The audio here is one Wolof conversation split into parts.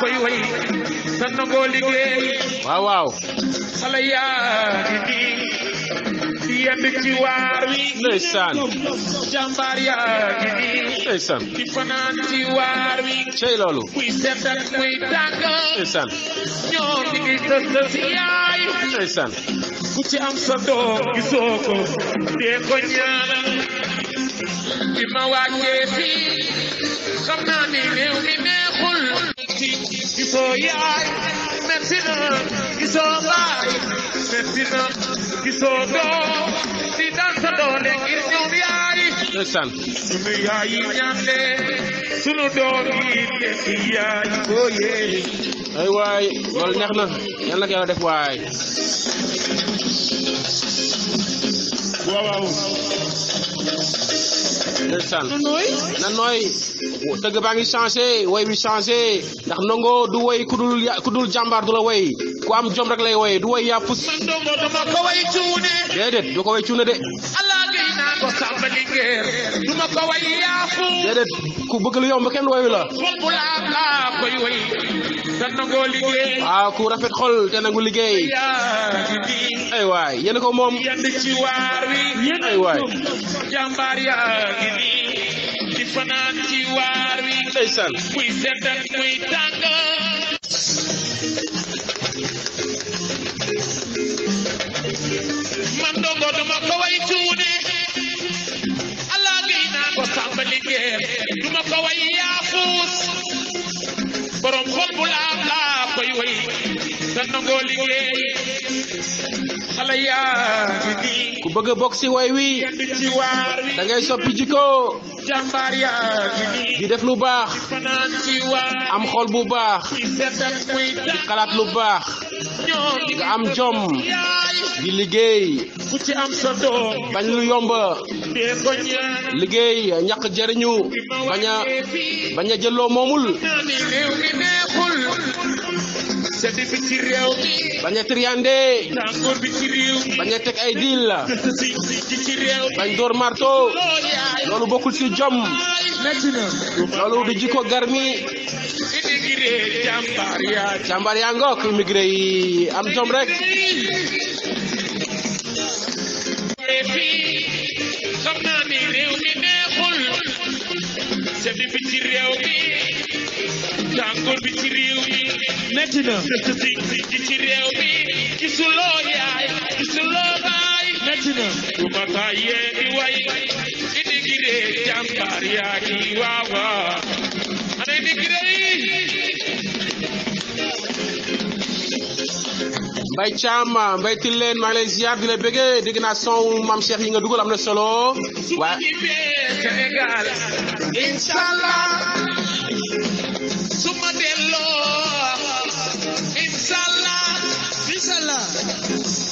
koy way te nangoo liggéey waaw xale yaa ngi di yend ci waar wi ndeysaan jàmbaar yaa ngi di di fanaan ci waar wi cey loolu muy sedd muy tàng ñoo di ngi yaay ku ci am sa doom gisoo dee ko ñaanal bi ma wàccee xam naa ni réew mi neexul ci gisoo yaay metti na gisoo baay metti doom di daan sa doole ngir ñoom yaay ndeysaan sunu yaay yi ñaan sunu doom yi nekk yaay koo oh, yee ay waay loolu neex na yal na ko yàlla def waay ndeysaan na nooy tëgg baa ngi changé woy bi changé ndax nango du woy ku dul ku jàmbaar du la woy ku am jom rek lay woy du woy yàpp man dongo dama ko way cuune déedéet du ko way cuune de allah gay naa ko sàmba du ma ko way yaafu déedéet ku bëgg lu yomb kenn woyu la te nangoo liggéey. waaw ah, ku rafet xol te nangu liggéey. ay waay yéen ko moom. ci waar wi. ay waay. yaa ngi nii. di fanaan ci waar wi. ndeysaan. muy sedd muy tàng. man dongo dama ko way ci ku bëgg si way wi ci waar wi da ngay soppi jikko di def lu baax am xol bu baax di xalaat lu baax nga am jom di liggéey ku am sa doom bañ lu yomba liggéey ñàkk jëriñu bañ a bañ momul. sedd bi ci bañ a triandé. ci bañ a teg ay diil. bañ door marto. loolu bokkul ci jom. loolu du jikko garmi. immigré jàmbaar yaa. am jom rek. jafe-jafe bi ci na sëkk bi ci réew mi na bu ma tàyyee di way i digiree jàmbaar yaa ngi Mbaye Thiam Mbaye Tilène maa di la bëggee dégg naa son maam Cheikh dugal am na solo waaye Sénégal inshallah su ma delloo inshallah inshallah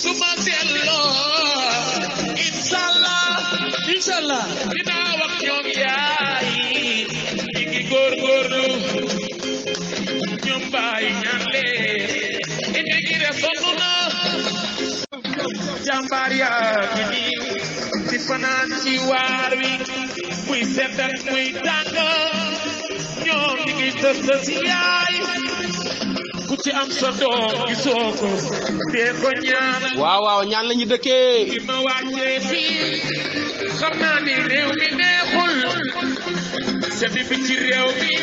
su ma delloo inshallah jàmbaar yaa waaw waaw ñaan la ñu dëkkee bi ma wàccee fii xam ni neexul sedd bi ci réew mi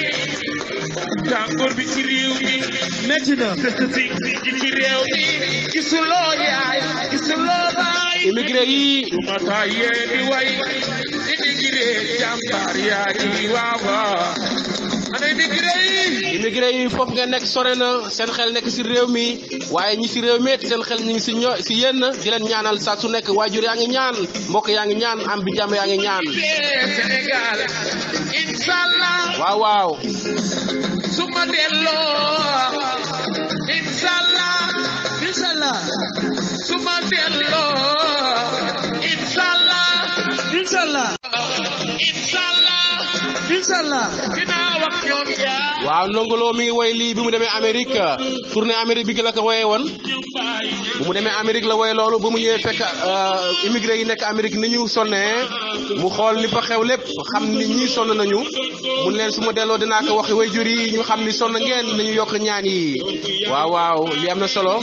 tàngoor bi ci réew mi métti na dëkk bi ci réew mi gisuloo yaay gisuloo baay immigré yi du ma saa yee foofu nga nekk sore na seen xel nekk si réew mi waaye ñi si réew mi seen xel ñu ngi si ñoo si yéen leen ñaanal saa su nekk waajur yaa ngi ñaan mbokk yaa ngi ñaan am bi jàmm yaa ngi ñaan inshallah waaw waaw su ma delloo inshallah inshallah su ma delloo inshallah inshallah waaw Ndongo Lo mi ngi woy lii bi mu demee Amérique tournée Amérique bi la ko woyee woon bu mu demee Amérique la woyee loolu ba mu ñëwee fekk euh, immigré yi nekk Amérique ni ñu sonnee mu xool li fa xew lépp xam ni ñii sonn nañu mu leen su ma delloo dinaa ko wax wayjur yi ñu xam ni sonn ngeen nañu yokk ñaan yi waaw waaw li am na solo.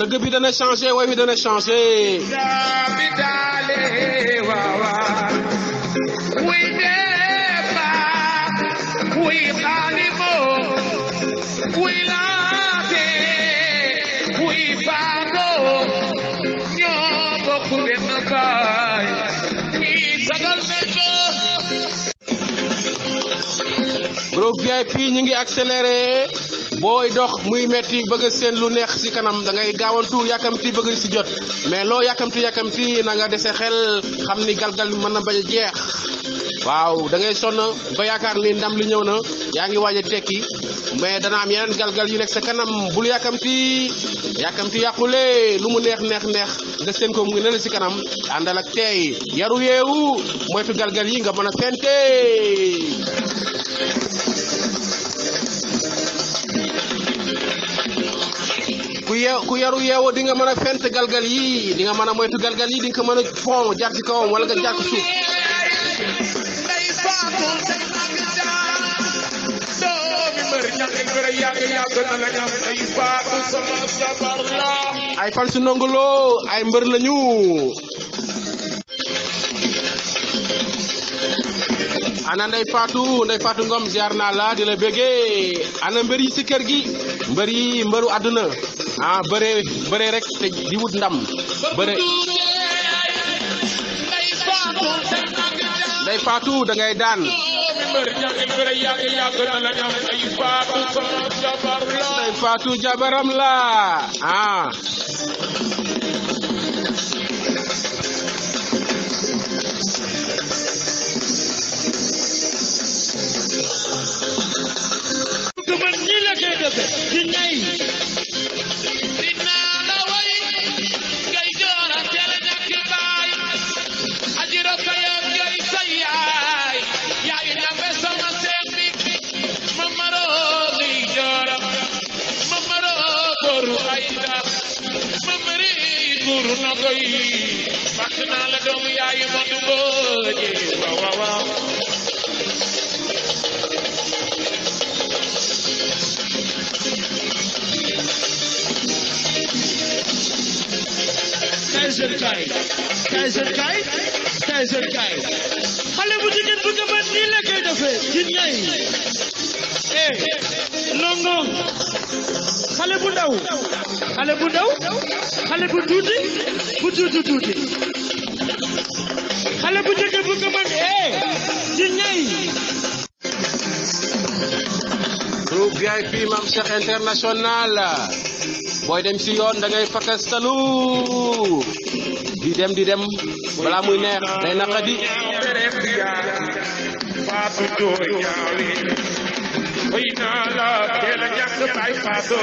tëgg bi dana changé Oui, bi dana changé VIP ñi ngi accéléré boy dox muy metti bëgg seen lu neex si kanam da ngay tu yakamti bëgg ci jot mais lo yakamti yakamti na nga déssé xel xamni ni galgal mën na bañ jeex waaw da ngay son ba yaakaar ni ndam li ñëw na yaa ngi tekki mais dana am yeneen galgal yu nekk sa kanam bul yakamti yakamti yàqule lu mu neex neex neex nga seen ko mu ngi si kanam andal ak tey yaru yeewu moytu galgal yi nga mën a yaru ku yaru yeewo di nga mëna a fent galgal yi di nga mëna moytu galgal yi di nga mëna fon jaar ci kawam wala nga jaar ci suuf ay fal su nongolo ay mbeur lañu ana ndey fatu ndey fatu ngom ziar la di la bëggee ana mbër yi si kër gi yi mbëru ah bëree bëree rek te di wut ndam bëree day faatu da ngay daan day jabaram la ah sant naa la doomu yaayu Modou Mbodj waaw waaw waaw taysel kay taysel kay taysel kay xale bu jigéen bu gëmat nii la koy defee ci ñay eh nongo xale bu ndaw xale bu ndaw xale bu tuuti bu tuuti tuuti Kalau punya kebun kebun, eh, jinai. Group VIP Mamsyar Internasional. Boy dem Sion dengan Fakas Telu. Didem didem melamui ner dan nak di. Wainala kelenya sepai pato,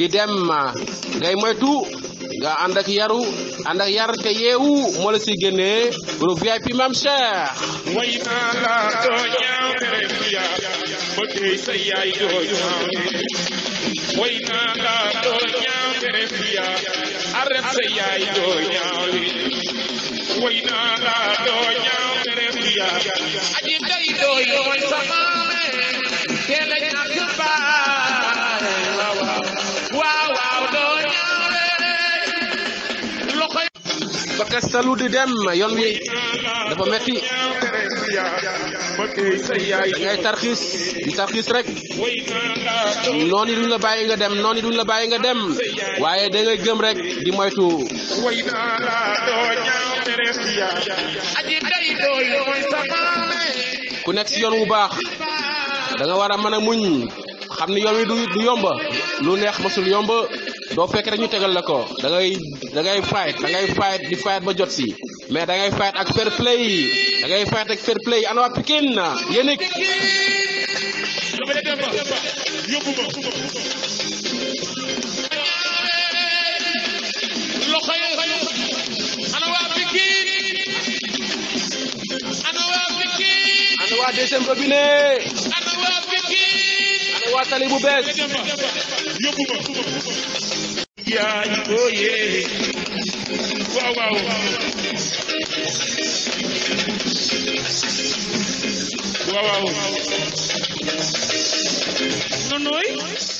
di dem ngay moytu nga andak anda yaru andak yar te yewu mo la ci gene bu VIP mam cher way la to ya te sey ay do gastalu di dem yoon wi dafa metti dangay tarxiis di tarxiis rek noonu duñ la bàyyi nga dem noonu duñ la bàyyi nga dem waaye dangay gëm rek di moytu ku nekk ci yoon wu baax danga war a mën a muñ xam ne yoon wi du du lu neex masul yomba doo fekk rek ñu tegal la ko da ngay fight da fight di fight ba jot si mais dangay ngay fight ak fair play da ngay fight ak fair play ana waa Pikine na yéenig ana waa deuxième wattali bu bees yaay ooyé waaw waaw waaw waaw nonoy